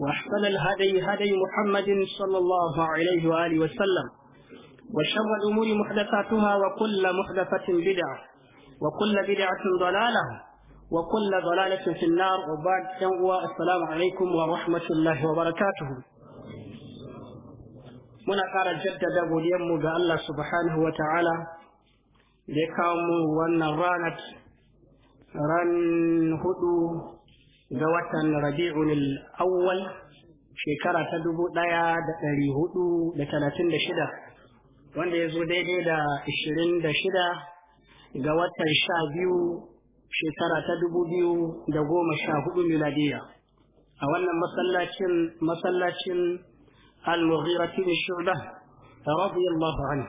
وأحسن الهدي هدي محمد صلى الله عليه وآله وسلم وشر الأمور محدثاتها وكل محدثة بدعة وكل بدعة ضلالة وكل ضلالة في النار وبعد السلام عليكم ورحمة الله وبركاته من ƙara jaddada أبو اليم الله سبحانه وتعالى لكم ونرانت ya kawo ran hudu ga watan rabi'un al-awwal shekara ta dubu ɗaya da ɗari hudu da talatin da shida wanda ya zo daidai da ishirin da shida ga watan sha biyu shekara ta dubu biyu da goma sha hudu miladiya a wannan masallacin masallacin al-mughira bin radiyallahu anhu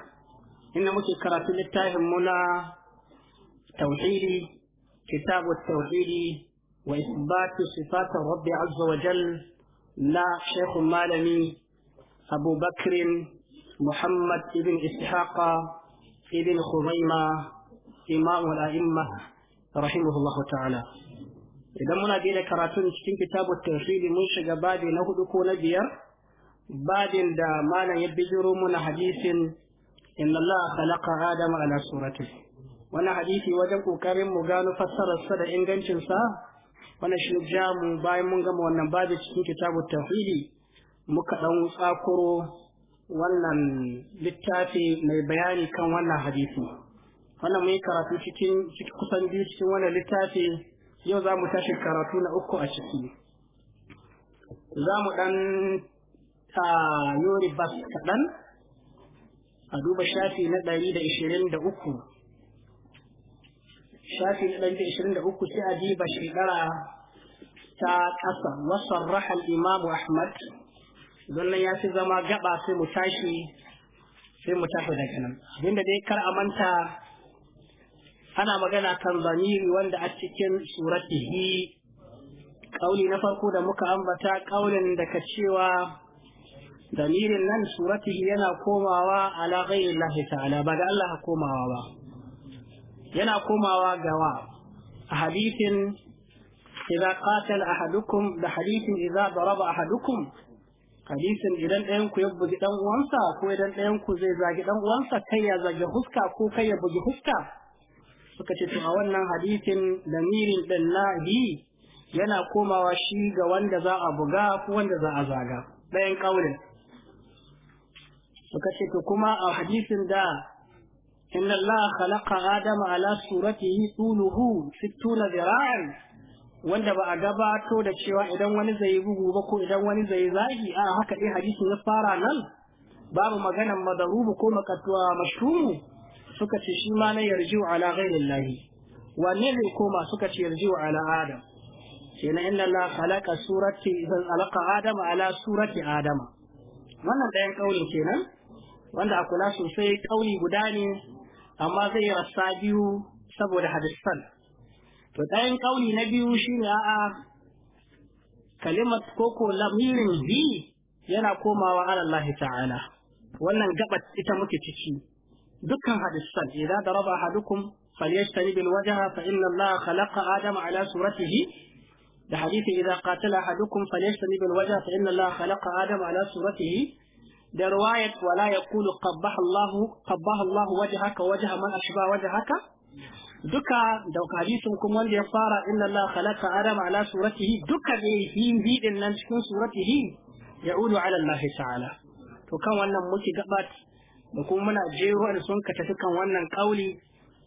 inda muke karatu littafin muna tauhidi kitabu tauhidi وإثبات صفات الرب عز وجل لا شيخ مالمي أبو بكر محمد بن إسحاق بن خزيمة إمام الأئمة رحمه الله تعالى idan muna bi da karatun cikin kitabu tafsiri mun shiga babi na hudu ko na biyar babin da malam ya bijiro muna hadisin inna Allah khalaqa adama ala surati Wani hadisi wajen kokarin mu gano fassararsa da ingancinsa wannan shi jamu bayan mun gama wannan babu cikin kitabu tauhidi muka dan tsakuro wannan littafi mai bayani kan wannan hadisi wannan mun karatu cikin kusan biyu cikin wannan littafi yau za mu tashi karatu na uku a ciki za mu dan ta yori bas kaɗan a duba shafi na ɗari da ishirin da uku shafi na ɗari ishirin da uku sai a diba shekara ta ƙasa wasan rahal ahmad don nan ya fi zama gaɓa sai mu tashi sai mu tashi daga nan abinda dai kar a manta ana magana kan zamiri wanda a cikin suratihi kauli na farko da muka ambata kaulin da cewa damirin nan suratihi yana komawa ala ghairi Allah ta'ala ba ga Allah komawa ba yana komawa gawa a hadithin idza qatal ahadukum da hadithin idza daraba ahadukum Hadithin idan ɗayan ku ya bugi dan uwansa ko idan ɗayan ku zai zagi dan uwansa kai ya zagi huska ko kai ya bugi huska suka ce to a wannan hadithin lamirin dan nahi yana komawa shi ga wanda za a buga ko wanda za a zaga ɗayan ƙaunin suka ce to kuma a hadithin da إن الله خلق آدم على صورته طوله ستون ذراعا wanda ba a gabato da cewa idan wani zai bugu ba ko idan wani zai zagi a haka dai hadisin ya fara nan babu maganan madarubu ko makatuwa mashhuru suka ce shi ma na yarjiu ala ghairillahi ne zai koma suka ce yarjiu ala adam kenan inna Allah khalaqa surati idan alaqa adam ala surati adam wannan ɗayan kaulin kenan wanda a kula sosai kauli guda ne أما زي رصاديو سبوا لحدستان فتاين قولي نبيو شين آآ آه كلمة كوكو لمير زي ينا كوما وعلى الله تعالى وانا انقبت اتمكي تشي دكا حدستان إذا ضرب أحدكم فليجتنب الوجه فإن الله خلق آدم على صورته لحديث إذا قاتل أحدكم فليجتنب الوجه فإن الله خلق آدم على صورته da riwayat wala yaqulu kabbaha Allah qabbaha Allah wajhaka man ashba haka. duka da hadisin kuma wanda ya fara inna Allah khalaqa adam ala suratihi duka ne yin bidin nan cikin suratihi ulu ala Allah ta'ala to kan wannan muke gabat da kuma muna jero da sun ka tafi kan wannan kauli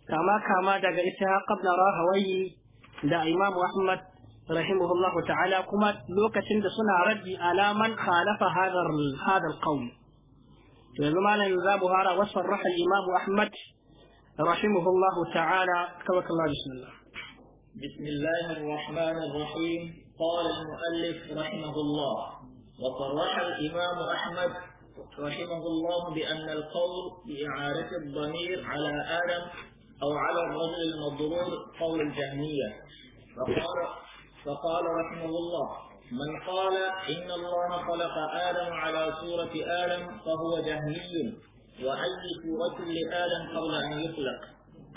kama kama daga ita qabla rahawayi da Imam Ahmad رحمه الله تعالى كما لوكا تند سنة ردي على من خالف هذا هذا القول فزمان الزاب هذا وصف الإمام أحمد رحمه الله تعالى كوك الله بسم الله بسم الله الرحمن الرحيم قال المؤلف رحمه الله وصرح الإمام أحمد رحمه الله بأن القول بإعارة الضمير على آدم أو على الرجل المضرور قول الجهمية فقال رحمه الله من قال إن الله خلق آدم على صورة آدم فهو جهمي وأي صورة لآدم قبل أن يخلق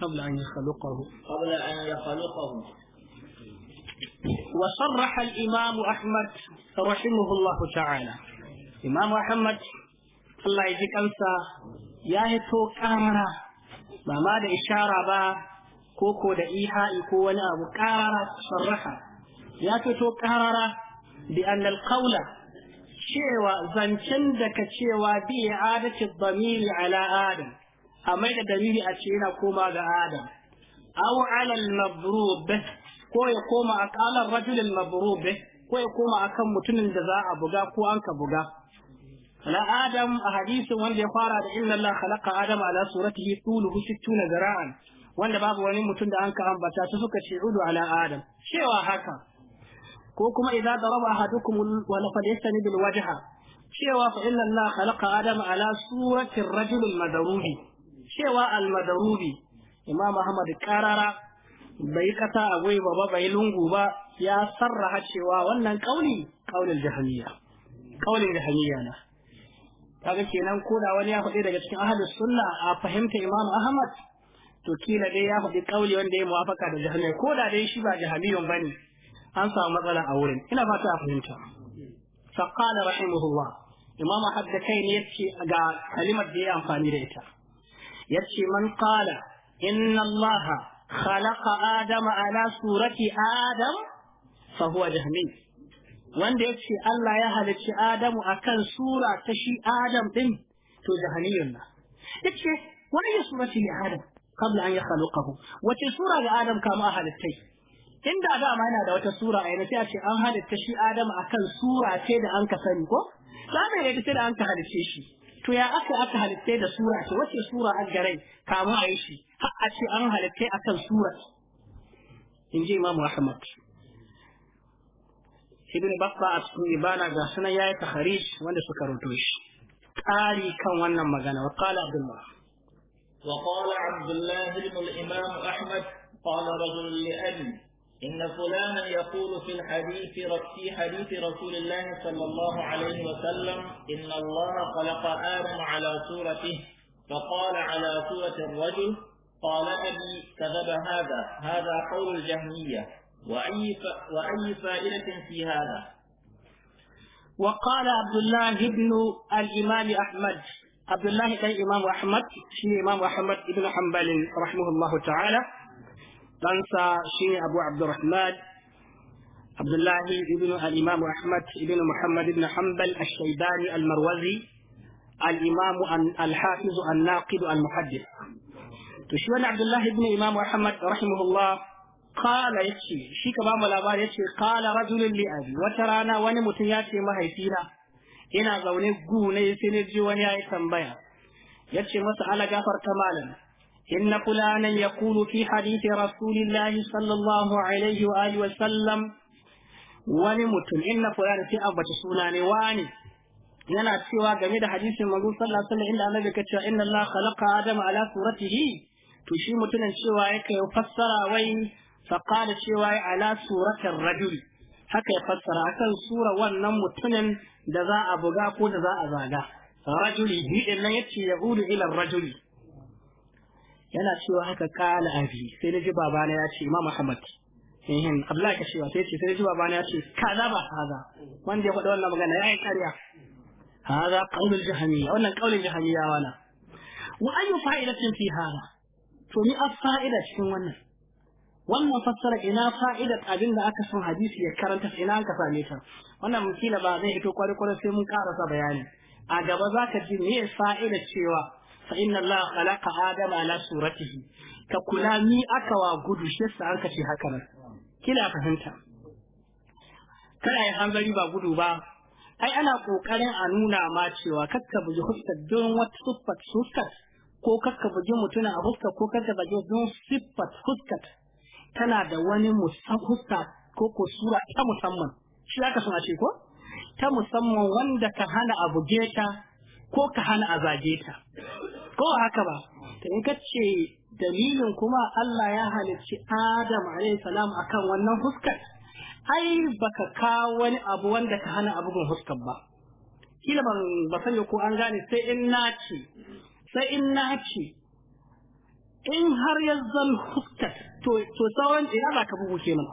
قبل أن يخلقه قبل أن يخلقه وصرح الإمام أحمد رحمه الله تعالى إمام أحمد الله يجيك أنسى يا هتو كامرة ما ماذا إشارة با كوكو دقيحة يكون أبو كارة صرحة ya fito karara bi annal qawla cewa zancen da ka cewa bi adati bamiri ala adam a mai da dalili a ce yana koma ga adam aw alal al mabrub ko ya koma a qala rajul al ko ya koma akan mutumin da za a buga ko an ka buga ala adam a hadisin wanda ya fara da inna allaha khalaqa adam ala suratihi tuluhu 60 zara'an wanda babu wani mutum da an ka ambata su suka ce udu ala adam cewa haka ko kuma idza daraba ahadukum wala falyastani bil wajha cewa fa inna Allah khalaqa adama ala surati ar-rajul al-madrubi cewa al-madrubi Imam Ahmad karara bai kasa a gwiwa ba bai lungu ba ya sarraha cewa wannan kauli kaulin jahiliya kaulin jahiliya na kaga kenan ko da wani ya faɗi daga cikin ahadus sunna a fahimta Imam Ahmad to kila dai ya faɗi kauli wanda ya muwafaka da jahiliya ko da dai shi ba jahiliyun bane an samu matsala a wurin ina fata a fahimta faqala rahimahullah imam ahad da kai ne yace ga kalimar da ya amfani da ita yace man qala inna allaha khalaqa adama ala surati adam fa huwa jahmi wanda yace Allah ya halicci Adamu akan sura ta shi Adam din to jahaniyun na yace wani surati ne Adam qabla an yakhluqahu wace sura ga Adam kama halittai inda ma yana da wata sura a sai ce an halitta shi Adam akan sura ce da an ka sani ko sabai da ita da an ka halitta shi to ya aka aka halitta da sura ce wace sura an garai kamu a yi shi har a ce an halitta akan sura in ji Imam Ahmad Ibn Baffa a cikin Ibana ga sunan yayi taharij wanda suka rubuto shi ƙari kan wannan magana wa qala Abdullah wa qala Abdullah ibn al-Imam Ahmad qala rajul إن فلانا يقول في الحديث في حديث رسول الله صلى الله عليه وسلم إن الله خلق آدم على صورته فقال على صورة الرجل قال أبي كذب هذا هذا قول الجهمية وأي, وأي فائدة في هذا وقال عبد الله بن الإمام أحمد عبد الله بن الإمام أحمد في إمام أحمد بن حنبل رحمه الله تعالى ɗansa ne abu abdurrahman abdullahi ibn al imamu ahmad ibn muhammad ibn hanbal ash-shaybani al-marwazi al-imam al-hafiz an-naqid al-muhaddith to shi wani abdullahi ibn imam ahmad rahimahullah qala yace shi ka bamu labari yace qala rajulun li abi wata rana wani mutum ya ce mahaifina ina zaune gune sai ne ji wani yayi tambaya yace masa ala gafarta malam إن فلانا يقول في حديث رسول الله صلى الله عليه وآله وسلم wani mutum in inna fulani sai ambaci suna ne wani yana cewa game da hadisin manzo sallallahu alaihi wasallam inda annabi ka cewa inna Allah khalaqa adama ala suratihi to shi mutumin cewa yake fassara wai faqala cewa ala suratir rajul haka ya fassara akan sura wannan mutumin da za a buga ko da za a zaga rajuli bi din nan yace yahudu ila rajuli yana cewa haka kala abi sai na ji babana ya ce imam muhammad, eh Allah ka cewa sai ce sai na ji babana ya ce kaza ba haza wanda ya faɗa wannan magana ya yi ƙarya haza qaulul jahamiyya wannan qaulul ya wala wa ayu fa'idatin fi hada to ni a fa'ida cikin wannan wannan fassara ina fa'ida abin da aka san hadisi ya karanta ina ka same ta wannan mutila ba zai fito kwari kwari sai mun karasa bayani a gaba zaka ji me fa'ida cewa fa inna Allah khalaqa Adam ala suratihi ka kula ni aka wa gudu shi yasa an kace haka nan kila fahimta kana yi hanzari ba gudu ba ai ana kokarin a nuna ma cewa kakka buji huskar don wata siffat huskar ko kakka buji mutuna a huskar ko kakka buji don siffat huskar tana da wani huska ko ko sura ta musamman shi aka sun a ce ko ta musamman wanda ka hana abu geta ko ka hana a zage ta ko haka ba ta in ce dalilin kuma Allah ya halicci Adam alayhi salam akan wannan huskar ai baka kawo wani abu wanda ka hana abugun huskar ba kila ban ba sanya ko an gane sai in naci sai in naci in har ya zan huskar to to ina za ka bugu kenan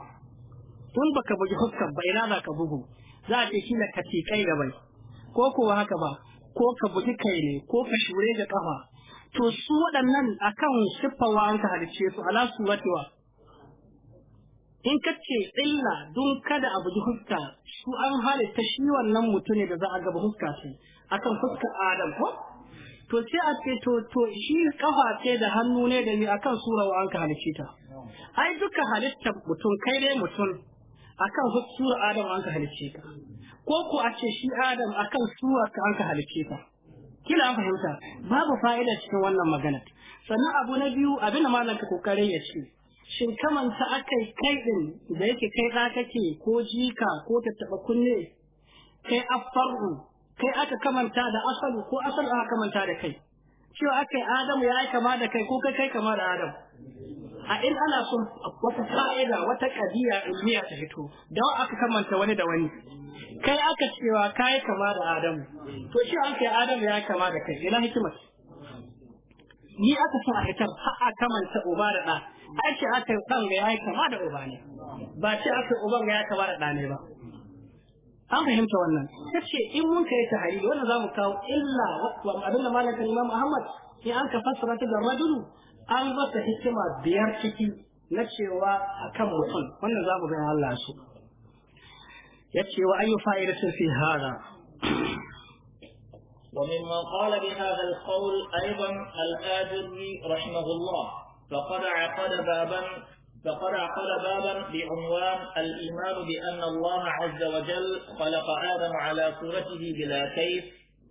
tun baka bugi huskar ba ina za ka bugu za a ce shi na kai gabai ko kuwa haka ba ko ka buɗi kai ne ko ka shure da ƙafa to su waɗannan akan siffawa an ka halice su ala suratiwa in ka ce illa don kada a buɗi huska su an halitta shi wannan mutum ne da za a gaba huska su akan huska adam ko to sai a ce to to shi ƙafa ce da hannu ne da ni akan sura wa an ka halice ta ai duka halitta mutum kai dai mutum akan sura adam an ka halice ka ko ku a ce shi adam akan suwa ka an ka halice ta kila an fahimta babu fa'ida cikin wannan magana sannan abu na biyu abin da malam ka kokarin ya ce shin kamanta aka kai din da yake kai da kake ko jika ko taɓa kunne kai affaru kai aka kamanta da asalu ko asalu aka kamanta da kai cewa yi adamu ya yi kama da kai ko kai kai kama da adam a in ana son wata fa'ida wata in ilmiya ta fito da aka kamanta wani da wani kai aka cewa kai kama da adamu to shi an kai adamu ya kama da kai ina hikima. ni aka sa a hitar ha a kamanta uba da ɗa ai ce aka yi ɗan ga ya kama da uba ne ba ce aka uban ga ya kama da ɗa ne ba an fahimta wannan ta ce in mun kai ta hari wanda za mu kawo illa wa abin da malaka imam Muhammad in an ka fassara ta da rajulu an ta hikima biyar ciki na cewa akan mutum wannan za mu ga Allah su يكفي وأي فائدة في هذا وممن قال بهذا القول أيضا الآجري رحمه الله فقد عقد بابا فقد عقد بابا بعنوان الإيمان بأن الله عز وجل خلق آدم على صورته بلا كيف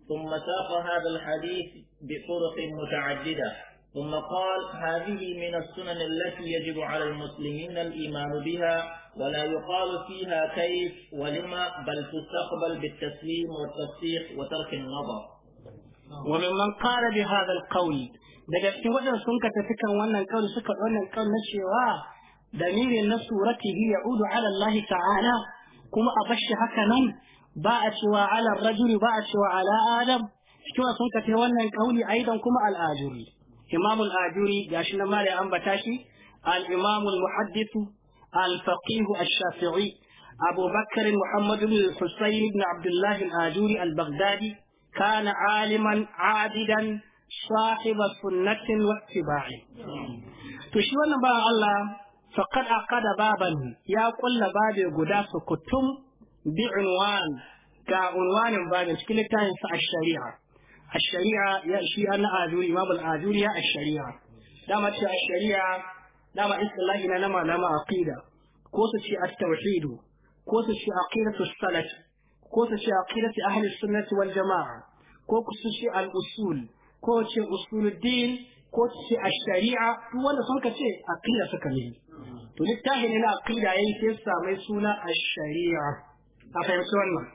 ثم ساق هذا الحديث بطرق متعددة ثم قال هذه من السنن التي يجب على المسلمين الإيمان بها ولا يقال فيها كيف ولما بل تستقبل بالتسليم والتصديق وترك النظر وممن قال بهذا القول daga cikin waɗanda sun ka tafi kan wannan kauli suka wannan kauli na cewa damirin na suratihi ya'udu ala Allah ta'ala kuma a bashi haka nan ba a cewa ala rajuli ba a cewa ala adam cikin sun ka tafi wannan kauli aidan kuma al-ajuri imamul ajuri gashi na mare ambata shi al-imamul muhaddithu الفقيه الشافعي أبو بكر محمد بن الحسين بن عبد الله الآجوري البغدادي كان عالما عابدا صاحب سنة واتباع تشوان با الله فقد أقاد بابا يا كل باب قداس كتم بعنوان كعنوان باب شكلتها الشريعة الشريعة يا شيء أنا آجوري ما بالآجوري الشريعة دامت الشريعة dama istilahi na nama nama aqida ko su ce at-tauhid ko su ce aqidatu salaf ko su ce aqidatu ahli sunnah wal jamaa ko su ce al-usul ko ce usuluddin ko su ce ash-shari'a duk wanda suka ka ce aqida suka ne to littafi ne na aqida yayi suna sharia a fahimci wannan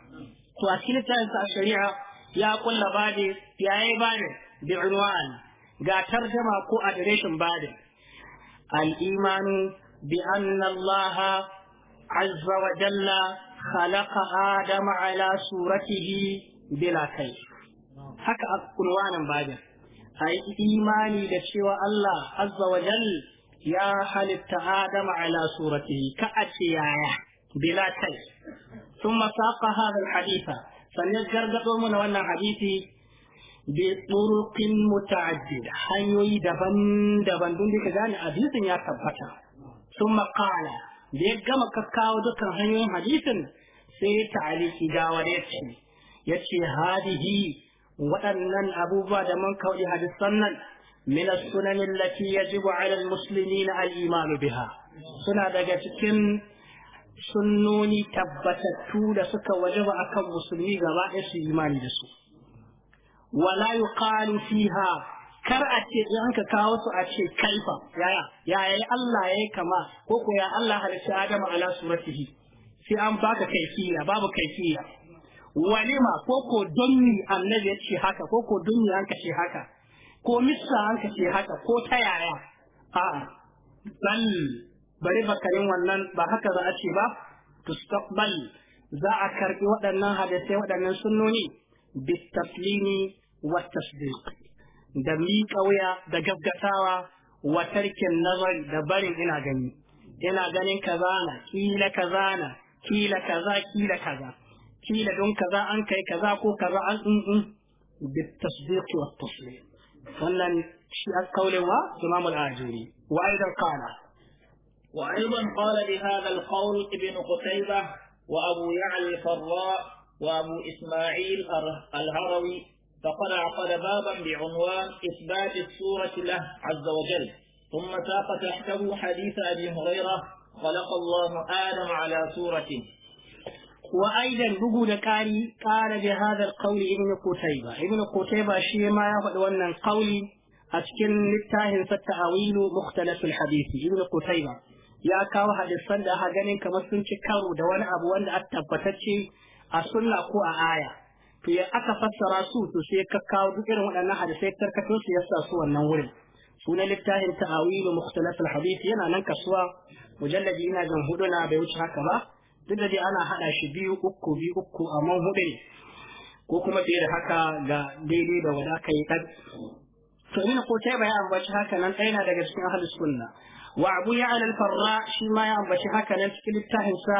to a sharia ya kulla bade yayi bade bi'unwan ga tarjama ko adireshin bade الإيمان بأن الله عز وجل خلق آدم على صورته بلا كيف haka a kurwanan bajin a yi imani da cewa Allah azza wa jal ya halitta Adama ala surati ka a yaya bila kai sun masafa hadal haditha sannan gargado mana wannan hadisi bi turuqin hanyoyi daban-daban don da gane hadisin ya tabbata sun qala da ya gama kakkawo dukkan hanyoyin hadisin sai ya ta'aliki ya ce ya ce hadihi waɗannan abubuwa da man kawai hadisan nan min as-sunan allati yajibu 'ala al-muslimina al-iman biha suna daga cikin sunnoni tabbatattu da suka wajaba akan musulmi gaba ɗaya su imani da su wala yuqalu fiha kar a ce in ka kawo su a ce kaifa yaya yaya Allah ya yi kama ko ko ya Allah halitta Adam ala suratihi sai an baka kaifiya babu kaifiya walima ko ko don ni annabi ya ce haka ko ko don ni an ka ce haka ko Mista an ka ce haka ko ta yaya a'a bal bari bakarin wannan ba haka za a ce ba tustaqbal za a karɓi waɗannan hadisai waɗannan sunnoni bittaslimi wa tasdiq da miƙa wuya da gaggatawa wa tarkin nazar da barin ina gani ina ganin kaza na, kila kaza na, kila kaza kila kaza kila don kaza an kai kaza ko kaza an tsuntsun bitasdiq wa taslim wannan shi alƙaulin wa imam al-ajuri wa aidan qala wa aidan qala bi hadha al-qawl ibn qutayba wa abu ya'la al-farra وأبو إسماعيل الهروي فقد عقد بابا بعنوان إثبات الصورة له عز وجل ثم ساق تحته حديث أبي هريرة خلق الله آدم على صورته وأيضا بقول كاري قال بهذا القول ابن قتيبة ابن قتيبة شيء ما يقول أن القول أتكن للتاهن فالتأويل مختلف الحديث ابن قتيبة يا كاو hadisan da aka كما kamar sun ci karo da a sunna ko a aya to ya aka fassara su to sai ka kawo duk irin waɗannan hadisai karkato su yasa su wannan wurin sunan littafin ta'awilu mukhtalaf al-hadith yana nan kasuwa mujalladi ina jan huduna bai wuce haka ba duk da ana hada shi biyu uku biyu uku amma hudu ne ko kuma fiye da haka ga daidai da wada aka yi kan to ina ko ta bai ambaci haka nan ɗaya na daga cikin ahlus sunna wa abu ya al-farra shi ma ya ambaci haka nan cikin littafin sa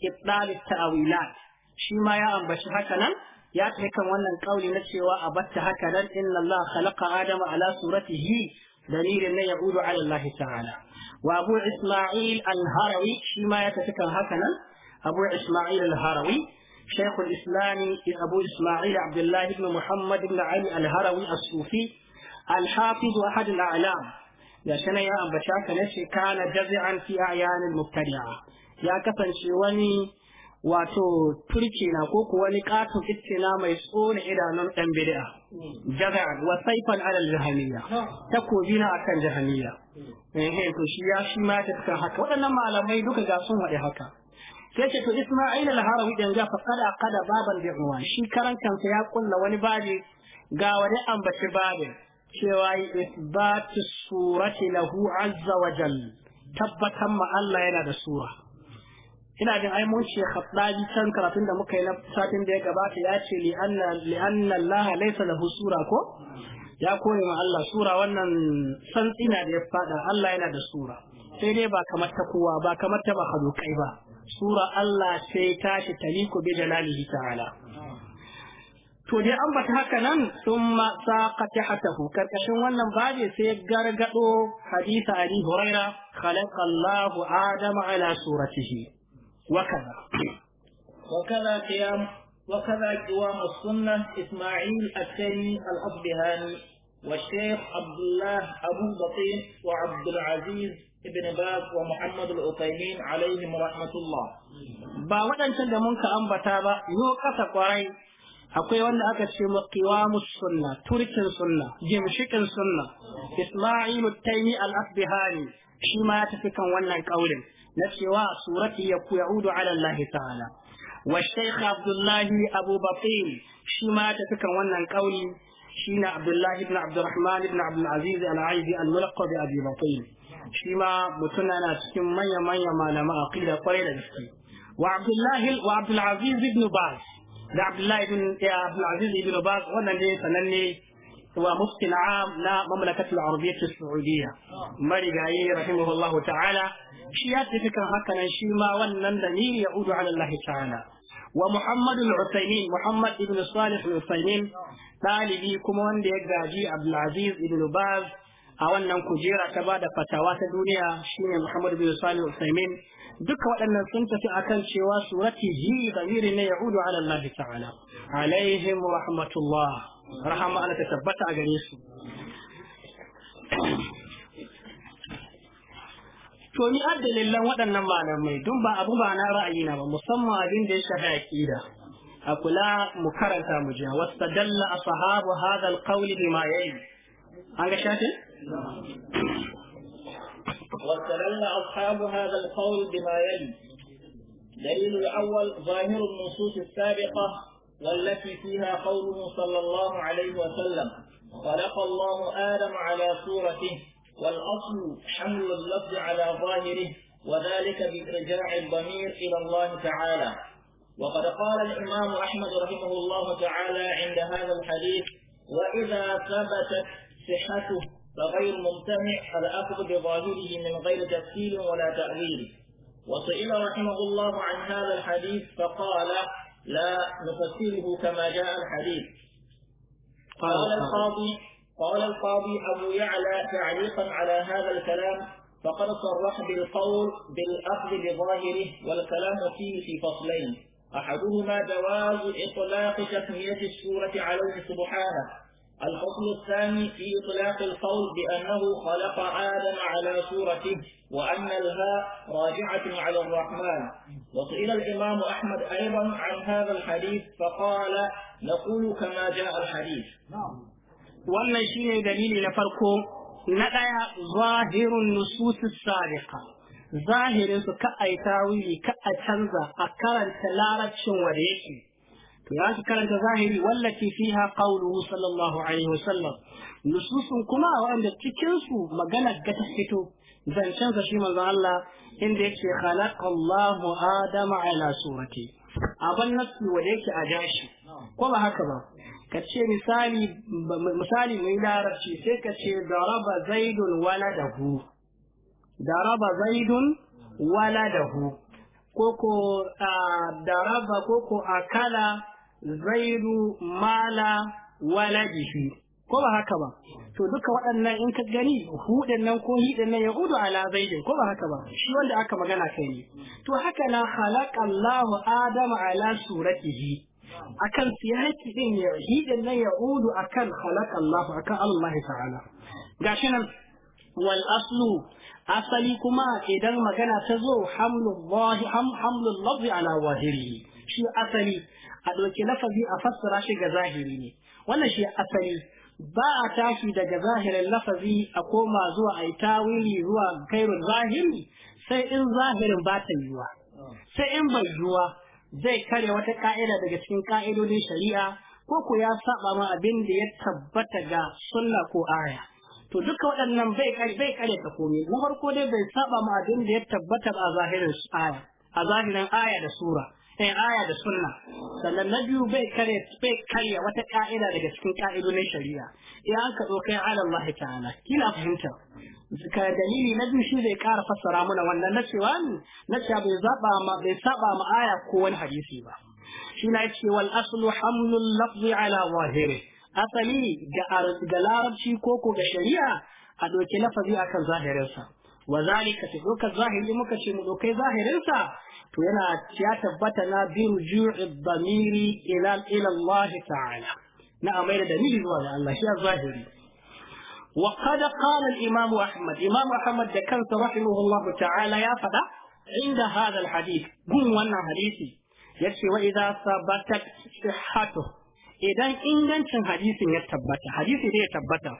ibdal ta'awilat shi ma ya ambaci haka nan ya tafi kan wannan kauli na cewa a batta haka nan inna Allah khalaqa adama ala suratihi dalilin na ya'udu ala Allah ta'ala wa Abu Isma'il al-Harawi shi ma ya tafi kan haka nan Abu Isma'il al-Harawi شيخ الإسلام أبو إسماعيل عبد الله بن محمد بن علي الهروي الصوفي الحافظ أحد الأعلام da shi ya ambaci haka ne shi kana jazi'an fi a'yanil mubtadi'a ya kasance wani wato turke na ko kuwa wani katon iske mai tsone idanun ɗan bid'a jaga wa saifan alal jahaniya takobi na akan jahaniya mm. eh to shi ya shi ma ta kan haka waɗannan malamai duka ga sun waɗe haka sai ce to Isma'il al-Harawi dan ga faqada qada baban bi'wa shi karan kansa ya kulla wani babi ga wani ambaci babin cewa isbatu surati lahu azza wa jalla tabbatan ma Allah yana da sura ina jin ai mun ce khattabi can karatun da muka yi na satin da ya gabata ya ce li anna li anna Allah laysa lahu sura ko ya koyi ma Allah sura wannan santsina da ya fada Allah yana da sura sai dai ba kamar ta kowa ba kamar ta ba ba sura Allah sai ta shi taliku bi jalalihi ta'ala to dai an bata haka nan thumma saqata hatahu karkashin wannan baje sai gargado hadisa ali huraira khalaqa Allahu adama ala suratihi وكذا وكذا قيام وكذا قوام السنة إسماعيل التيمي الأصبهاني والشيخ عبد الله أبو بطين وعبد العزيز ابن باز ومحمد العثيمين عليهم رحمة الله ba waɗancan da mun ka ambata ba yo kasa kwarai akwai wanda aka ce mu qiwamus sunna turkin sunna jimshikin sunna isma'ilu taymi al shi ma ya tafi kan wannan ƙaurin. na cewa surati ya yaudu ala Allah ta'ala wa shaykh Abdullahi Abu Bakr shi ma ta kan wannan kauli shi na Abdullahi ibn Abdurrahman ibn Abdul Aziz al-Aizi al-Mulaqqa bi Abi Bakr shi ma mutuna na cikin manya manya malama aqida kwarai da gaske wa Abdullahi wa Abdul Aziz ibn Baz da Abdullahi ibn Abdul Aziz ibn Baz wannan ne sananne wa muftin am na mamlakatul arabiyyah saudiyya marigayi rahimahullahu ta'ala shi ya tafi kan haka shi ma wannan dalili ya udu ala Allah ta'ala wa Muhammad al-Usaimin Muhammad ibn Salih al-Usaimin kuma wanda ya gaji Abdul Baz a wannan kujera ta bada fatawa ta duniya shine Muhammad ibn Salih al-Usaimin duka waɗannan sun tafi akan cewa surati ji zamiri ne ya udu ala Allah ta'ala alaihim rahmatullah rahama Allah ta tabbata a gare su to ni addalillan waɗannan malamai duk ba abu ba na ra'ayi na ba musamman abin da ya shafi aqida a kula mu karanta mu ji wastadalla ashabu hadha alqawli bima yayi an ga shafi واستدل أصحاب هذا القول بما يلي دليل الأول ظاهر النصوص السابقة والتي فيها قوله صلى الله عليه وسلم خلق الله آدم على صورته والأصل حمل اللفظ على ظاهره وذلك بإرجاع الضمير إلى الله تعالى وقد قال الإمام أحمد رحمه الله تعالى عند هذا الحديث وإذا ثبتت صحته فغير ممتنع الأخذ بظاهره من غير تفسير ولا تأويل وسئل رحمه الله عن هذا الحديث فقال لا نفسره كما جاء الحديث قال القاضي قال القاضي أبو يعلى تعليقا على هذا الكلام فقد صرح بالقول بالأخذ بظاهره والكلام فيه في فصلين أحدهما جواز إطلاق تسمية السورة عليه سبحانه الحكم الثاني في إطلاق القول بأنه خلق آدم على صورته وأن الهاء راجعة على الرحمن وسئل الإمام أحمد أيضا عن هذا الحديث فقال نقول كما جاء الحديث wannan shine dalili na farko na ɗaya zahirun nusus sabiqa zahirin su ka ai tawili ka a canza a karanta larabcin wanda yake za su karanta zahiri wallati fiha qawluhu sallallahu alaihi wasallam nususun kuma waɗanda wanda cikinsu magana ga fito zancen shi manzon Allah inda yake khalaqallahu adama ala surati aban nasu wanda yake a gashi. ko ba haka ba ka ce misali misali mai larabci sai ka ce daraba zaidun waladahu daraba zaidun hu. koko ah, daraba koko kala. zaidu mala waladihi ko ba haka ba to duka waɗannan in ka gani hudin nan ko hidin nan ya hudu ala zaidin ko ba haka ba shi wanda aka magana kai ne to haka na khalaqallahu adama ala suratihi akan siyaki din ya hidin nan ya hudu akan khalaqallahu akan Allah ta'ala gashi nan wal aslu asali kuma idan magana ta zo hamlul lafzi ala wahiri shi asali a ɗauki lafazi a fassara shi ga zahiri ne wannan shi asali ba a tashi daga zahirin lafazi a koma zuwa a yi tawili zuwa kairun zahiri sai in zahirin ba ta yiwa sai in bai yiwuwa zai kare wata ka'ida daga cikin ka'idodin shari'a ko ku ya saba ma abin da ya tabbata ga sunna ko aya to duka waɗannan bai kare bai kare ta komai na farko dai bai saba ma abin da ya tabbata a zahirin aya a zahirin aya da sura aya da sunna sannan na biyu bai kare bai wata ka'ida daga cikin ka'idodin shari'a idan an ka zo kai ala Allah ta'ala kila fahimta ka dalili na biyu shi zai kara fassara muna wannan na cewa na cewa bai zaba ma bai saba ma aya ko wani hadisi ba shi na ce wal aslu hamlul lafzi ala zahiri asali ga larabci ko ko ga shari'a a doke lafazi akan zahirinsa wa zalika doka zahiri muka ce mu dokai zahirinsa to yana ya tabbata na bi ruju'i dhamiri ila ila Allah ta'ala na amai da dalili zuwa ga Allah shi zahiri wa qad qala al-imam Ahmad imam Ahmad da kansa rahimahullah ta'ala ya fada inda hadha al-hadith gun wannan hadisi yace wa idza sabatat sihhatu idan ingancin hadisin ya tabbata hadisi ne ya tabbata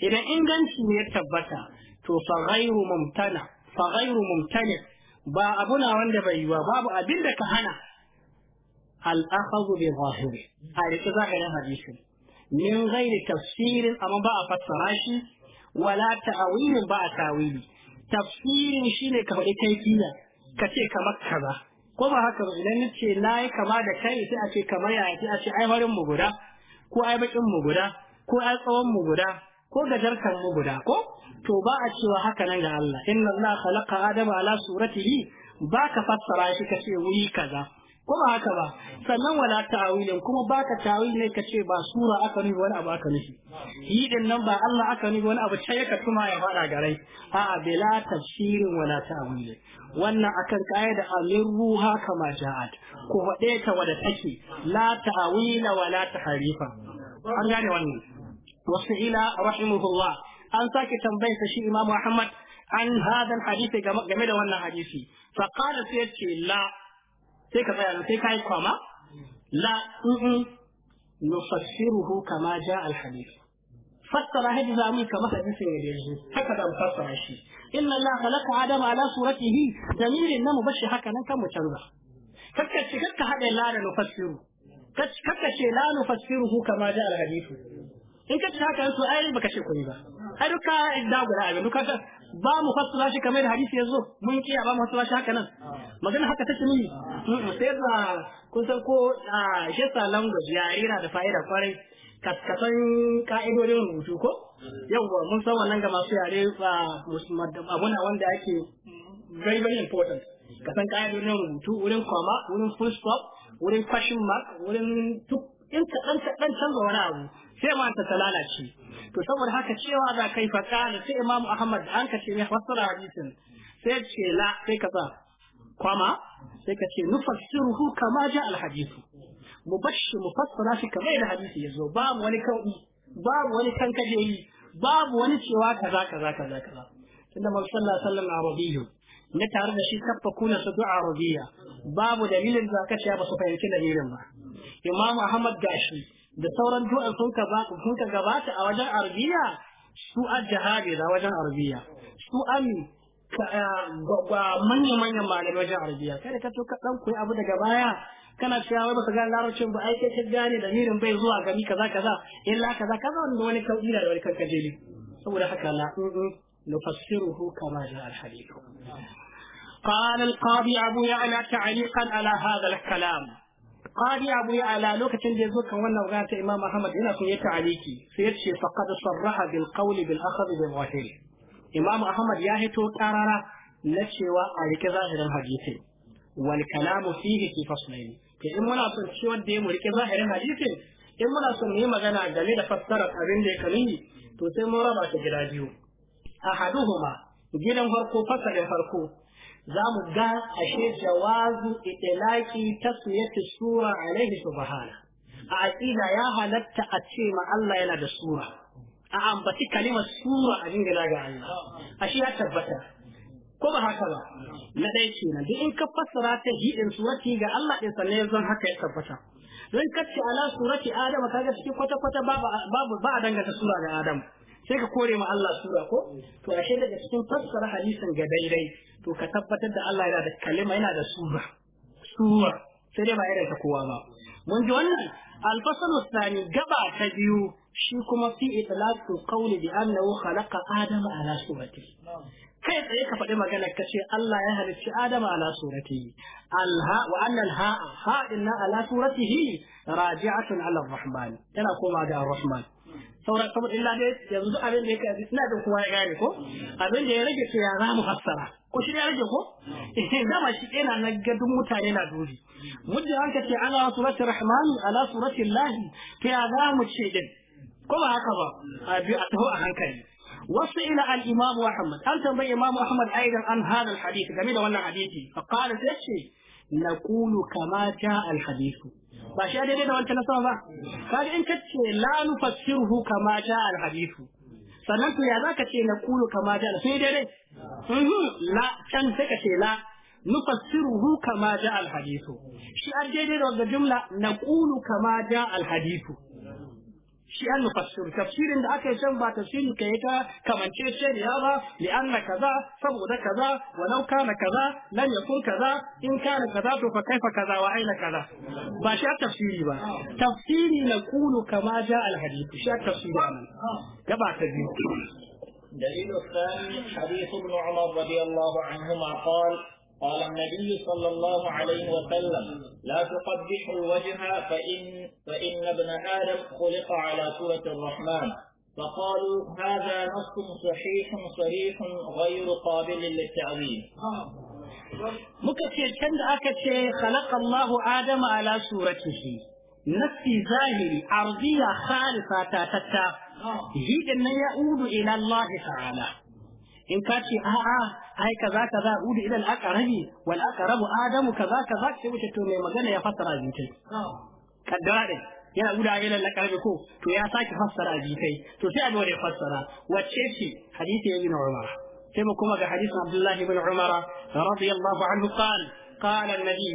idan ingancin ya tabbata to fa ghairu mumtana fa ghairu mumtani ba abu na wanda bai yi ba babu abin da ka hana al-akhadhu bi zahiri a rike zahirin hadisi min ghairi tafsirin amma ba a fassara shi wala ta'awilin ba a tawili tafsirin shine ka faɗi kai ka ce kamar kaza ko ba haka ba idan nace na yi kama da kai sai a ce kamar yaya sai a ce ai harin mu guda ko ai bakin mu guda ko ai tsawon mu guda ko ga jarkan mu guda ko to ba a cewa haka nan ga Allah inna Allah khalaqa adama ala suratihi ba ka fassara shi ka ce wuri kaza ko ba haka ba sannan wala ta'awilin kuma ba ka ta'awil ne ka ce ba sura aka nufi wani abu aka nufi yi din nan ba Allah aka nufi wani abu can ya tuma ya fada garai a'a bila tafsirin wala ta'awilin wannan akan da amin ruha kama ja'at ko faɗe ta wada take la ta'awila wala tahrifa an gane wannan وسئل رحمه الله أن ساكي تنبيه شيء إمام أحمد عن هذا الحديث جميل وانا حديثي فقال سيدي لا سيكا بيانا سيكا يقوما لا نفسره كما جاء الحديث فسر هذا زامي كما حديث يجي هكذا مفسر شيء إن الله خلق آدم على صورته ضمير إنما بشي هكذا كم تنظر فكتشكك هذا لا نفسره كتشكك لا نفسره كما جاء الحديث in ka ci haka su ai baka ce komai ba ai duka idda guda abin duka ta ba mu fassara shi kamar da hadisi yazo mun kiya ba mu fassara shi haka nan magana haka take mu sai da kun san ko shi sa language ira da fa'ida kwarai kaskatan ka'idodin rubutu ko yawwa mun san wannan ga masu yare musamman abuna wanda ake very very important kasan ka'idodin rubutu wurin kwama wurin full stop wurin question mark wurin duk in kaɗan kaɗan canza wani abu sai ma ta lalace to saboda haka cewa za kai fa kana sai imamu ahmad an ka ce mai fassara hadisin sai ce la sai ka sa kwama sai ka ce nufassiruhu kama ja alhadisu mu bashi mu fassara shi kamar da hadisi yazo babu wani kauɗi babu wani kankajeyi babu wani cewa kaza kaza kaza kaza tunda manzo sallallahu alaihi wasallam arabiyyu na tare da shi kafa kuna su du'a arabiya babu dalilin da aka ce ba su fahimci dalilin ba imam ahmad gashi da sauran du'an sun ka gabata a wajen arbiya? su a jihadi da wajen arbiya. su an eh, manya-manyan malamai wajen arbiya. kada ka to ka dan koyi abu daga baya kana cewa wai baka gane larabcin ba ai kai gane da mirin bai zuwa gami kaza kaza illa kaza kaza wanda wani kauɗi da wani kankaje ne saboda haka na nufassiruhu kama da alhadith قال القاضي أبو يعلى تعليقا على هذا الكلام qadi abu ya ala lokacin da zo kan wannan magana ta imam ahmad yana son ya ta'aliki sai ya ce faqad sarraha bil qawli bil akhd bi muwahhil imam ahmad ya hito tarara na cewa a rike zahirin hadisi wal kalamu fihi fi faslaini to in muna son cewa da ya mu rike zahirin hadisi in muna son mu magana game da fassarar abin da ya kalini to sai mun rabata shi gida biyu ahaduhuma gidan farko fasalin farko za mu ga ashe jawazu itilaki tasmiyatu sura alaihi subhana a aqida ya halatta a ce ma Allah yana da sura a ambaci kalimar sura a jingina ga Allah ashe ya tabbata ko ba haka ba na dai kenan duk in ka fassara ta hidin surati ga Allah din sanne zan haka ya tabbata don kace ala surati adam kaga cikin kwata kwata babu ba a danganta sura ga adam sai ka kore ma Allah sura ko to ashe daga cikin fassara hadisin ga daidai to ka tabbatar da Allah yana da kalima yana da sura sura sai dai ba irin ta kowa ba mun ji wannan alfasal thani gaba ta biyu shi kuma fi itlaqu qawli bi annahu khalaqa adama ala surati kai tsaye ka faɗi magana ka ce Allah ya halicci Adama ala suratihi alha wa anna alha ha inna ala suratihi raji'atun ala rahman tana koma ga rahman sauran kamar illa dai yanzu abin da yake ina da kowa ya gane ko abin da ya rage ce ya za fassara ko shi ya rage ko eh dama shi yana na gadun mutane na duri muddin an ka ce ala surati rahman ala surati lahi ta ya za ce din ko ba haka ba a biyu a taho a hankali wasu ila al-imam Ahmad an tambayi imam Ahmad aidan an hada al-hadith game da wannan hadisi fa qala sai ce naqulu kama ta al-hadithu ba shi daidai da wancan na sama ba kaga in kace la nufassiruhu kama ta alhadithu sannan to ya zaka ce na kulu kama ta sai daidai mhm, la kan sai ka ce la nufassiruhu kama ja alhadithu shi an daidai da jumla na kulu kama ja shi an mufassir tafsirin da aka yi can ba tafsirin ka yi ta kamance shari'a ba li anna kaza saboda kaza wa law kana kaza lam yakun kaza in kana kaza to fa kaifa kaza wa aina kaza ba shi tafsiri ba tafsiri na kulu kama ja al hadith shi tafsiri nan gaba ta biyu دليل الثاني حديث ابن عمر رضي الله عنهما قال قال النبي صلى الله عليه وسلم لا تقبح الوجه فإن, فإن ابن آدم خلق على سورة الرحمن فقالوا هذا نص صحيح صريح غير قابل للتعويل مكثير كند أكثر خلق الله آدم على سورته نفس ظاهر أرضية خالصة تتا هي أن يؤول إلى الله تعالى إن كانت آه, آه. ai kaza kaza udu ila al-aqrabi wal aqrabu adamu kaza kaza sai wuce to mai magana ya fassara bitai kaddara din yana guda ila al-aqrabi ko to ya saki fassara jikai to sai a ya fassara wacce ce hadisi yayi umar sai mu kuma ga hadisin abdullahi ibn umar radiyallahu anhu qala قال النبي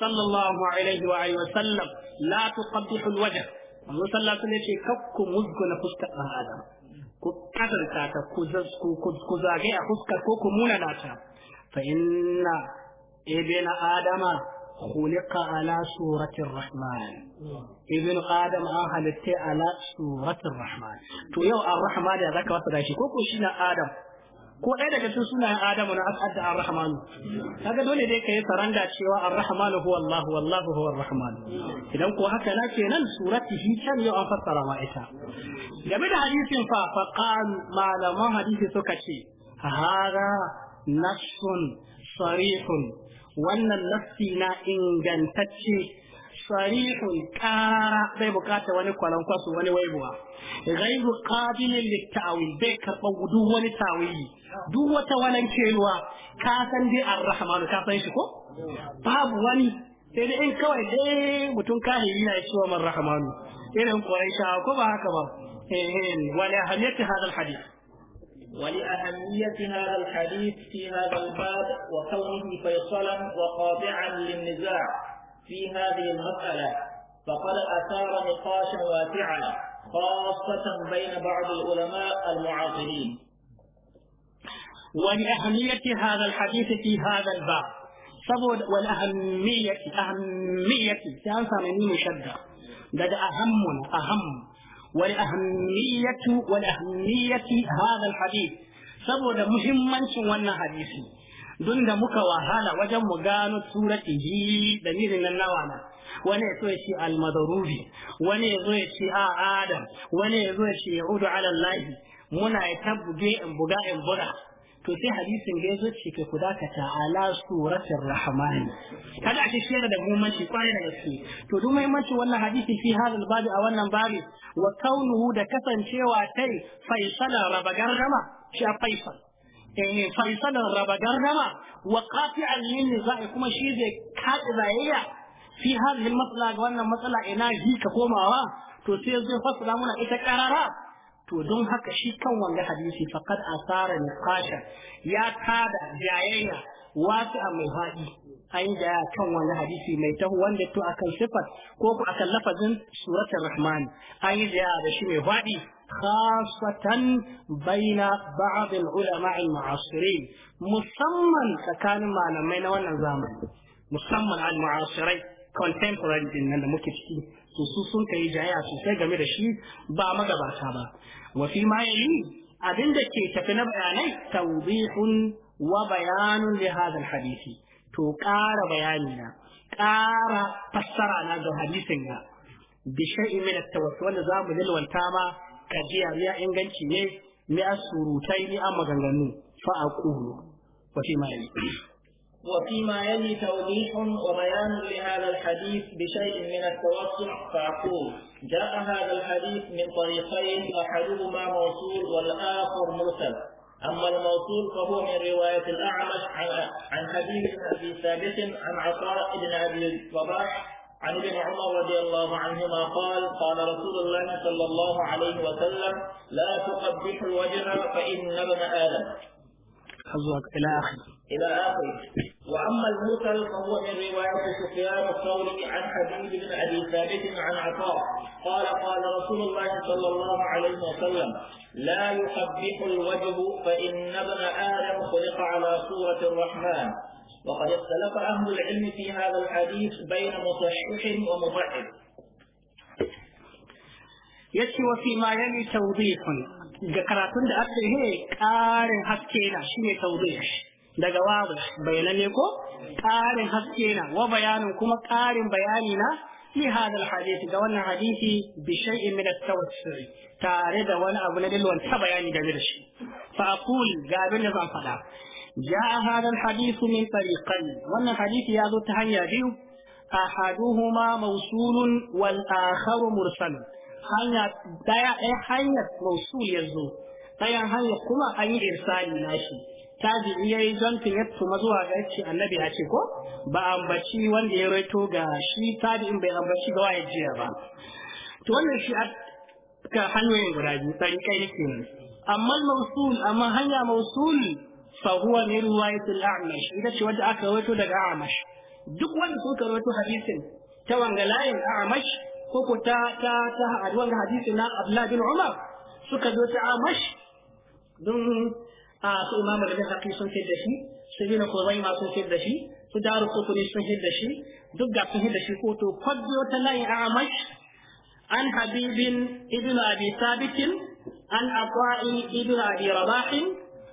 صلى الله عليه وآله وسلم لا تقبح الوجه الله صلى الله عليه وسلم يقول كك مزقنا فسك آدم ku kadarta ta ku ku zagaya fuskar ko ku muna ta fa inna ibn adama khuliqa ala surati rahman ibn adam an halitta ala surati rahman to yau ar-rahman ya zaka wata shi ko ko shi na adam ko ɗaya daga cikin sunayen Adamu na as'adda ar-Rahman kaga dole dai kai saranda cewa ar-Rahman huwa Allah wallahu huwa ar-Rahman idan ko haka na kenan surati shi kan yau an fassara ma ita game da hadisin fa faqan malaman hadisi suka ce hada nashun sarihun wannan nafsi na ingantacce صريح كارا بيبقات ونقوى لنقص ونويبوا غير قابل للتعويل بيك وقدوه ونتعويل دوه تولن كيلوا كاسا دي الرحمن كاسا يشكو باب واني تدي انك ويهي متنكاهي لنا يشوى من الرحمن إنهم قريشا وكبا هكبا ولأهمية هذا الحديث ولأهمية هذا الحديث في هذا الباب وكونه فيصلا وقاطعا للنزاع في هذه المسألة فقد أثار نقاشا واسعا خاصة بين بعض العلماء المعاصرين ولأهمية هذا الحديث في هذا الباب سبب والأهمية أهمية كان من مشدة لدى أهم أهم والأهمية والأهمية هذا الحديث سبب مهما وانا حديثي dun da muka wahala wajen mu gano suratihi da mirin nan na. wani ya so ya ce almadarubi wani ya zo ya ce a adam wani ya zo ya ce yaudu ala allahi muna ya tabbuge in buga in buga to sai hadisin ga yazo ce ku dakata ala suratul rahman kada a shi da muhimmanci kwarai da gaske to duk muhimmanci wannan hadisi fi hadal babi a wannan babi wa kaunuhu da kasancewa tai faisala rabagardama shi a faisal Eh, faisalan raba gardama wa qati'an lin nizai kuma shi zai kaɗi bayayya fi hadhihi matsala ga wannan matsala ina hi ka komawa to sai zai fassara muna ita karara to don haka shi kan wanga hadisi faqad asara niqasha ya tada jayayya wasu a mai faɗi an da kan wani hadisi mai taho wanda to akan sifat ko ku akan lafazin suratul rahman an yi da da shi mai faɗi خاصة بين بعض العلماء المعاصرين مسمى كان معلمين وانا زامن مسمى المعاصرين contemporary din nan da muke ciki to su sun kai jaya sosai game da shi ba magabata ba wa fi ma yayi abin da ke tafi na bayanai tawdihun wa bayanun li hadisi to ƙara bayani na ƙara fassara na ga hadisin ga bi min at-tawassul wanda zamu lilwanta ma aka ya inganci ne ni a surutai ni a maganganu fa a yali wa fi ma yali وفيما يلي توضيح وبيان لهذا الحديث بشيء من التوسع فأقول جاء هذا الحديث من طريقين أحدهما موصول والآخر مرسل أما الموصول فهو من رواية الأعمش عن, عن حديث أبي ثابت عن عطاء بن أبي الصباح عن ابن عمر رضي الله عنهما قال قال رسول الله صلى الله عليه وسلم لا تقبح الوجه فإن ابن آدم حظك إلى آخره إلى آخره وأما المثل فهو من رواية سفيان الثوري عن حبيب بن أبي ثابت عن عطاء قال قال رسول الله صلى الله عليه وسلم لا يقبح الوجه فإن ابن آدم خلق على صورة الرحمن وقد اختلف أهل العلم في هذا الحديث بين مصحح ومضعف yace wa fi ma yali tawdihun ga karatun da aka yi ƙarin haske na shine tawdih daga wabu bayanane ko ƙarin haske na wa bayanin kuma ƙarin bayani na li hada alhadith ga wannan hadisi bi shay'in min at-tawassur tare da wani abu na dalwan ta bayani da shi fa aqul ga abin da zan faɗa ya هذا الحديث من طريقين وأن الحديث يازو تهيا بيو أحدهما موصول والآخر مرسل hanya daya ɗaya hanyar mausul ya zo ɗayan hanyar kuma an yi irsali nashi tabi'i ya yi zantin ya tuma zuwa ga yace annabi ya ce ko ba ambaci wanda ya raito ga shi tabi'in bai ambaci ga waye jiya ba to wannan shi ka hanyoyin guda biyu tsari amma mausul amma hanya mausul fa huwa min riwayat al-a'mash ita ce wanda aka rawaito daga a'amash, duk wanda suka rawaito hadisin ta wanga layin a'amash? ko ko ta ta ta wanga hadisin na Abdullah bin Umar suka zo ta a'amash? don a su imam al-Bukhari sun ce da shi su yi na kurai ma sun ce da shi su daru kutuni sun ce da shi duk da sun ce da shi ko to kwaddo ta layin a'amash? An habibin ابن أبي ثابت عن عطاء ابن أبي رباح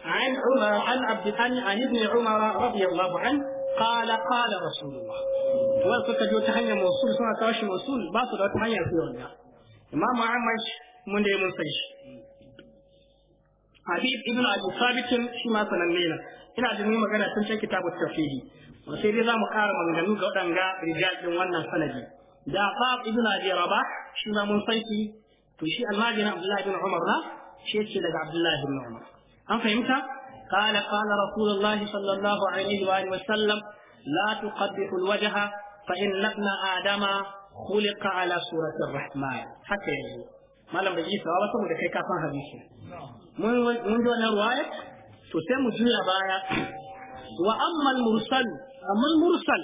عن عمر عن عبد عن عن ابن عمر رضي الله عنه قال قال رسول الله وقت جو تهني موصول سنة تاشي موصول باسو دوت مايا في الدنيا ما ما عمش من دي من فيش حبيب ابن أبو ثابت في ما إن عدم ما كان سنة كتاب التوفيه وسيري زام قارم من جنو قد أنجا رجال من وانا سنجي دا فاب ابن أبي رباح شو من فيش تشي الله بن عبد الله بن عمر لا شيء شيء عبد الله بن عمر an fahimta qala qala rasulullahi sallallahu alaihi wa alihi wasallam la tuqaddihu alwajha fa inna ibna adama khuliqa ala surati arrahman haka yanzu malam bai isa ba saboda kai kafan hadisi mun mun ji wannan ruwaya to sai mu juya baya wa amma al-mursal amma al-mursal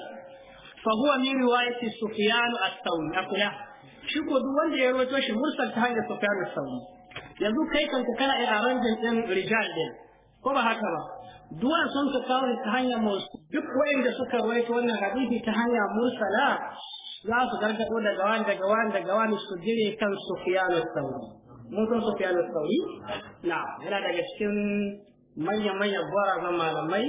fa huwa min riwayati sufyan as-sawri akuya shi ko duk wanda ya rawaito shi mursal ta hanyar sufyan as-sawri yanzu kai kan kanka kana iraranjin din rijal din ko ba haka ba duwan sun ka kawo ta hanyar musu duk wayanda suka rawaito wannan hadisi ta hanya mursala za su gargado daga wani daga wani daga wani su jire kan sufyan al-thawri mun san sufyan al-thawri na yana daga cikin manyan manyan gwarazan malamai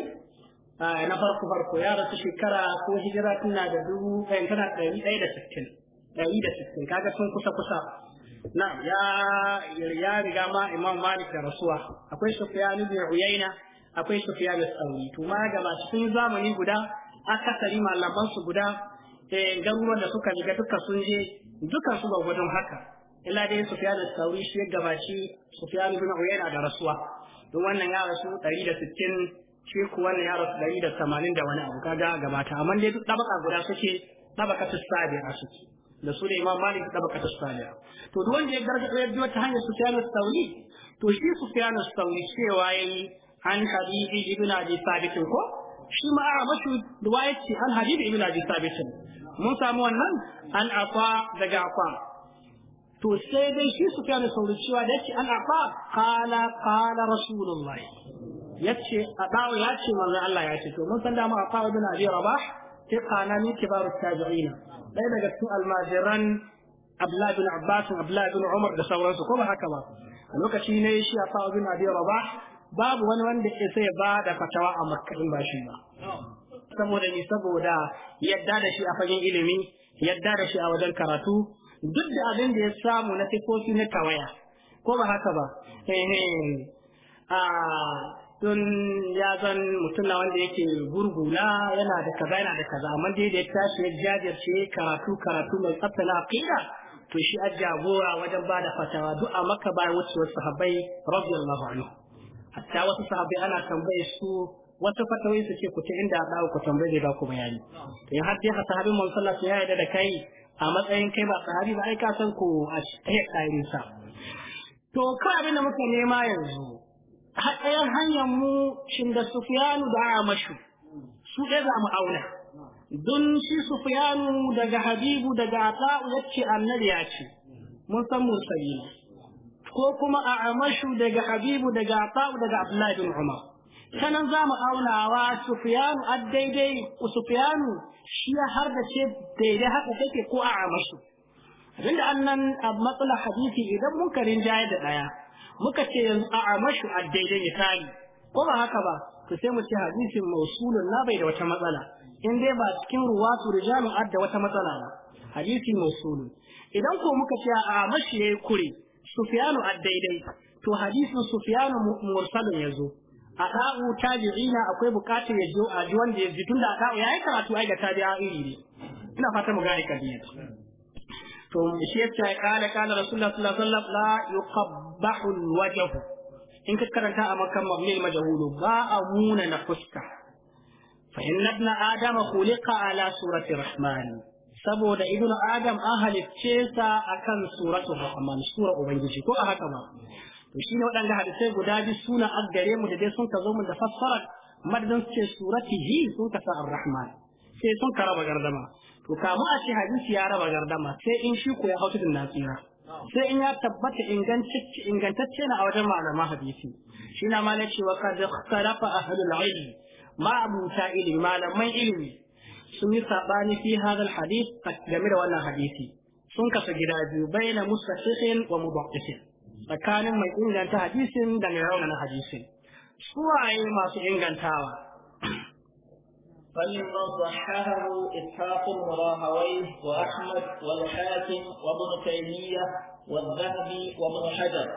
na farko farko ya rasu shekara ko hijira tana da dubu eh, tana ɗari ɗaya da sittin ɗari da sittin kaga sun kusa kusa na'am ya ya riga ma imam malik da rasuwa akwai sufyan ibn uyayna akwai sufyan al-thawri to ma ga masu sun zamani guda akasari malaman su guda eh garuruwan da suka riga duka sun je dukan su ba gudun haka illa dai sufyan al-thawri shi gabaci sufyan ibn uyayna da rasuwa don wannan ya rasu 160 shi ku wannan ya rasu 180 da wani abu kaga gabata amma dai duk dabaka guda suke dabaka su sabi a suke da su ne imam malik da baka tsaniya to duk wanda ya gargada ya biyo ta hanyar sufyan al to shi sufyan al cewa yayi an habibi ibn abi sabit ko shi ma a mashi riwaya ce an habibi ibn abi sabit mun samu wannan an afa daga afa to sai dai shi sufyan al-thawri cewa da yake an afa qala qala rasulullahi yace a dawo yace manzo Allah ya ce to mun san da mu afa ibn abi rabah sai kana ni kibaru tabi'ina ɗaya daga cikin almajiran Abdullahi bin Abbas Abdullahi bin Umar da sauransu ko ba haka ba a lokaci ne shi a fa'a bin Abi ba babu wani wanda ya sai ba da fatawa a makarin ba shi ba saboda ni saboda yadda da shi a fagen ilimi yadda da shi a wajen karatu duk da abin da ya samu na sifofi na tawaya ko ba haka ba ah, Sun ya zan mutum na wanda yake gurguna yana da kaza yana da kaza amma dai da ya shi jajir jajirce karatu karatu mai tsafta na aqida to shi a jagora wajen ba da fatawa duk a maka wuce wasu sahabbai radiyallahu anhu hatta wasu sahabbai ana tambaye su wasu fatawai su ce ku ta inda dawo ku tambaye zai ba ku bayani to ya har dai ka sahabin manzon ya yarda da kai a matsayin kai ba sahabi ba ai ka san ku a tsayin sa to kawai abin da muke nema yanzu haɗayan hanyar mu shin da sufiyanu da amashu su ɗaya za mu auna don shi sufiyanu daga habibu daga ata'u yace annabi ya ce mun san mursali ko kuma a amashu daga habibu daga ata'u daga abdullahi bin umar sanan za mu auna wa sufiyanu a daidai sufiyanu shi ya har da ce daidai haka take ko a amashu abinda annan a matsala hadisi idan munkarin jaya da ɗaya muka ce yanzu a amashu daidai misali ko ba haka ba to sai mu ce hadisin mausulun na bai da wata matsala in dai ba cikin ruwa ruwatu rijalun adda wata matsala ba hadisi mausulun idan ko muka ce a amashi yayi kure sufyanu daidai to hadisin sufyanu mursalun yazo a da'u tabi'ina akwai bukatar ya je a ji wanda ya ji tunda a ya yayi karatu ai da tabi'a iri ne ina fata mu gane kadiyar to shi yace kana kana rasulullah sallallahu alaihi wasallam la yuqabbahu alwajh in ka karanta a makan mabni majhulu ba a muna na fuska fa inna ibna adam khuliqa ala surati rahman saboda ibnu adam an halicce sa akan suratu rahman sura ubangiji ko a haka ba to shine waɗanda hadisai guda biyu suna aggare mu da dai sun ka zo mu da fassara madadin ce suratihi sun ka sa ar-rahman sai sun ka raba gardama to kamu a ce hadisi ya raba gardama sai in shi ko ya hau tudun nasira sai in ya tabbata ingantacce na a wajen malaman hadisi shi na ma ce wa kad ikhtalafa ahlul ilmi ma abuta ilimi, malaman ilimi. sun yi saɓani fi hadal hadith game da wannan hadisi sun kasu gida biyu baina mustahihin wa mudhaffifin tsakanin mai inganta hadisin da mai raunana hadisin su waye masu ingantawa فمما صححه إسحاق وراهويه وأحمد والحاكم وابن تيمية والذهبي وابن حجر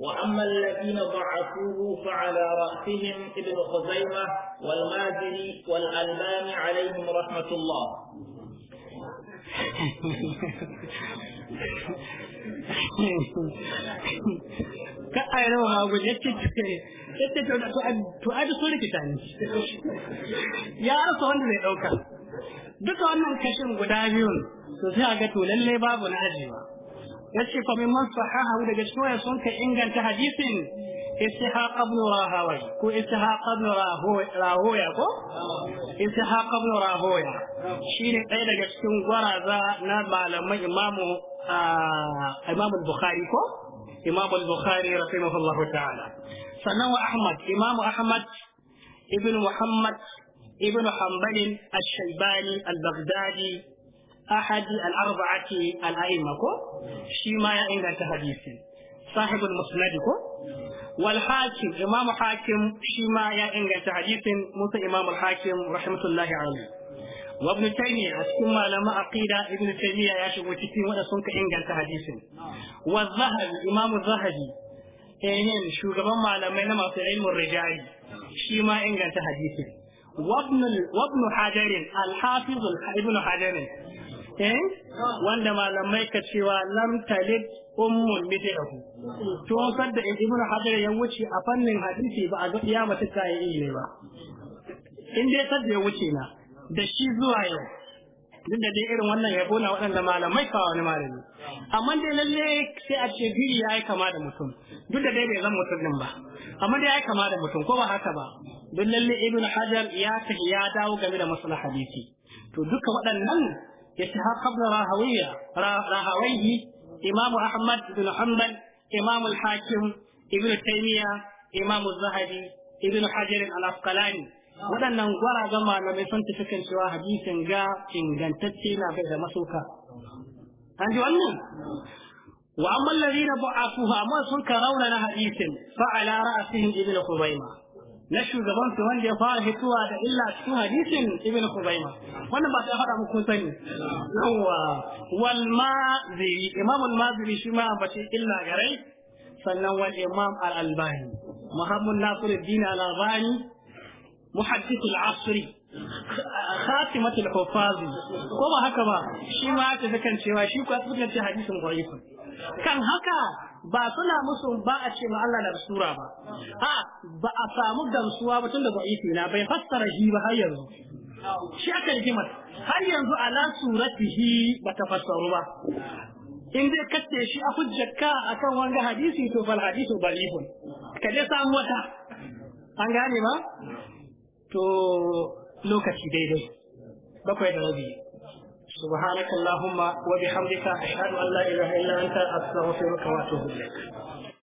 وأما الذين ضعفوه فعلى رأسهم ابن خزيمة والمازري والألبان عليهم رحمة الله ka a rawa hagu ya ce ce to a ji sun rikita ne ya rasa wanda zai ɗauka duka wannan kashin guda biyun sun sai a ga to lallai babu na ajiyewa ya ce fa mimman sahaha daga cikin ah, waya sun ka inganta hadisin ishaq ibn rahawai ko ishaq ibn rahoya ko ishaq ibn rahoya shine ɗaya daga cikin gwaraza na malamai imamu uh, imamu bukhari ko imam al-bukhari rahimahullah ta'ala sannan wa ahmad imam ahmad ibn muhammad ibn hanbal al-shaybani al-baghdadi ahad al-arba'ati al-a'imma ko shi ma ya inganta hadisi sahibul musnad ko wal hakim imam hakim shi ya inganta hadisin musa imam al-hakim rahmatullahi alayhi wa ibn a cikin malaman aqida ibn taymiya ya shigo cikin wanda sun ka inganta hadisin wa zahabi imamu zahabi ehin shugaban malamai na masu ilmin rijali shi ma inganta hadisin wa ibn hadarin al-hafiz ibn hadarin eh wanda malamai ka cewa lam talid ummul mithlahu to sadda ibn hajar ya wuce a fannin hadisi ba a ga iya mata tayi ne ba in dai sadda ya wuce na da shi zuwa yau duk da dai irin wannan ya na waɗanda malamai kawo wani malami amma dai lalle sai a ce biri ya yi kama da mutum duk da dai bai zan mutum ba amma dai ya yi kama da mutum ko ba haka ba don lalle ibn hajar ya tafi ya dawo game da masu hadisi to duka waɗannan ya ta qabla rahawiya rahawiyi imamu ahmad ibn hanbal imamu hakim ibn taymiya imamu zahabi ibn hajar al-asqalani waɗannan gwaragen malamai sun tafi kan cewa hadisin ga ingantacce na bai da masoka an ji wannan wa amma alladhina bu'afuha amma sun karauna na hadisin fa ala ra'sihim khubayma na shugaban su wanda ya fara fituwa da illa cikin hadisin ibnu khubayma wannan ba ta faɗa muku sani yawa wal maziri imamul maziri shi ma bace illa garai sannan wal imam al albani muhammad nasiruddin al albani Muhaddisul al-asri khatimat al-huffaz ko ba haka ba shi ma ta kan cewa shi ko asbatan ce hadisin dhaif kan haka ba suna musu ba a ce Allah da sura ba a ba a samu gamsuwa ba tun da dhaifi na bai fassara shi ba har yanzu shi aka rigimar har yanzu ala ba bata fassaru ba in zai kace shi a hujjarka akan wanga hadisi to fal hadisu da'ifun ka je samu wata an gane ba to lokaci daidai bakwai da rabi subhanakallahumma wa bihamdika ashhadu an la ilaha illa anta astaghfiruka wa atubu